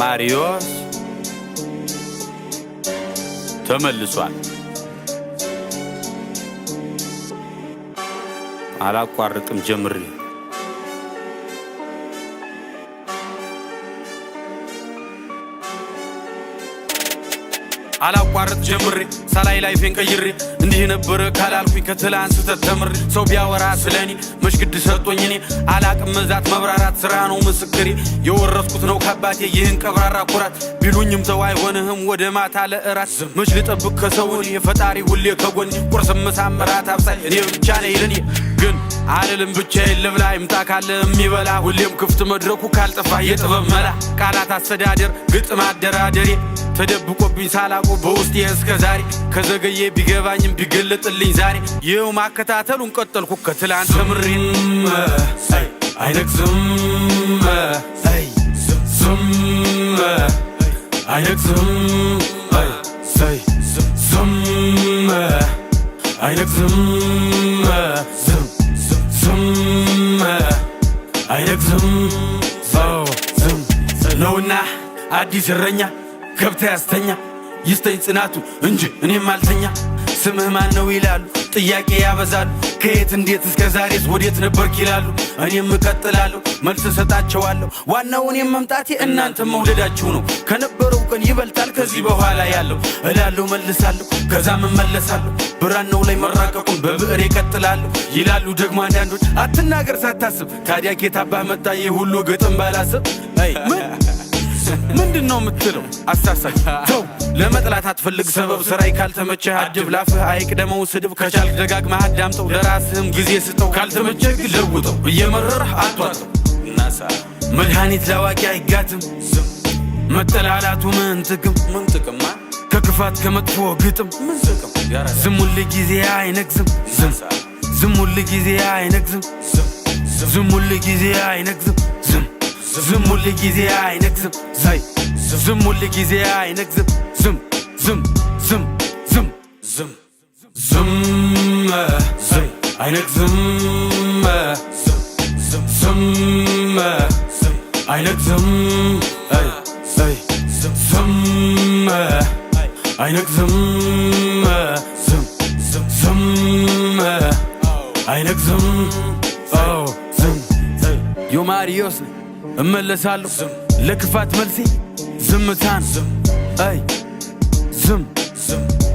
ማሪዮስ ተመልሷል። አላቋርጥም ጀምሬ አላቋርጥ ጀምሬ ሳላይ ላይፌን ቀይሬ እንዲህ ነበረ ካላልኩኝ ከትላንት ስህተት ተምሬ ሰው ቢያወራ ስለኔ መች ግድ ሰጦኝ እኔ አላቅም መዛት መብራራት ስራ ነው ምስክሬ የወረስኩት ነው ከአባቴ ይህን ቀብራራ ኩራት ቢሉኝም ተው አይሆንህም ወደ ማታ ለእራት መች ልጠብቅ ከሰውን የፈጣሪ ሁሌ ከጎኔ ቁርስ ምሳ እራት አብሳይ እኔ ብቻ ነኝ ለኔ አልልም ብቻዬን ልብላ ይምጣ ካለ የሚበላ ሁሌም ክፍት መድረኩ ካልጠፋ የጥበብ መላ ቃላት አስተዳደር ግጥም አደራደሬ ተደብቆብኝ ሳላቆ በውስጤ እስከ ዛሬ ከዘገዬ ቢገባኝም ቢገለጥልኝ ዛሬ ይኸው ማከታተሉን ቀጠልኩ ከትላንት ተምሪም አይነቅዝም ዝም አይነቅዝም አይነቅዝም አይነግዝም ዝም ነውና አዲስ እረኛ ገብታ ያስተኛ ይስተኝ ጽናቱ እንጂ እኔም አልተኛ ስምህ ማን ነው ይላሉ፣ ጥያቄ ያበዛሉ። ከየት እንዴት እስከ ዛሬስ ወዴት ነበርክ ይላሉ። እኔም እቀጥላለሁ መልስ እሰጣቸዋለሁ። ዋናው እኔም መምጣቴ እናንተ መውደዳችሁ ነው። ከነበረው ቀን ይበልጣል ከዚህ በኋላ ያለው እላለሁ፣ መልሳለሁ፣ ከዛም እመለሳለሁ። ብራናው ላይ መራቀቁን በብዕር ይቀጥላሉ ይላሉ ደግሞ አንዳንዶች። አትናገር ሳታስብ ታዲያ ኬታባህ መጣ ይህ ሁሉ ግጥም ባላስብ ምንድን ነው የምትለው? አሳሳች ለመጥላት አትፈልግ ሰበብ ስራይ ካልተመቸህ አድብ ላፍህ አይቅደመው ስድብ ከቻልክ ደጋግመህ አዳምጠው ለራስህም ጊዜ ስጠው ካልተመቸህ ግን ለውጠው እየመረረህ አቷጠው መድኃኒት ላዋቂ አይጋትም መጠላላቱ ምን ጥቅም ምን ጥቅም ከክፋት ከመጥፎ ግጥም ምን ጥቅም ዝም ሁል ጊዜ አይነግዝም ዝም ዝም ሁል ጊዜ አይነግዝም ዝም ሁል ጊዜ አይነግዝም زم واللي جيزي عاي نكذب زي زم واللي جيزي عاي نكذب زم زم زم زم زم زم زي عينك زم زم زم زي عينك زم اي زي زم زم عينك زم زم زم زم عينك زم او زم يوم عريوسني እመለሳለሁ ለክፋት መልሴ ዝምታን ዝም አይ ዝም ዝም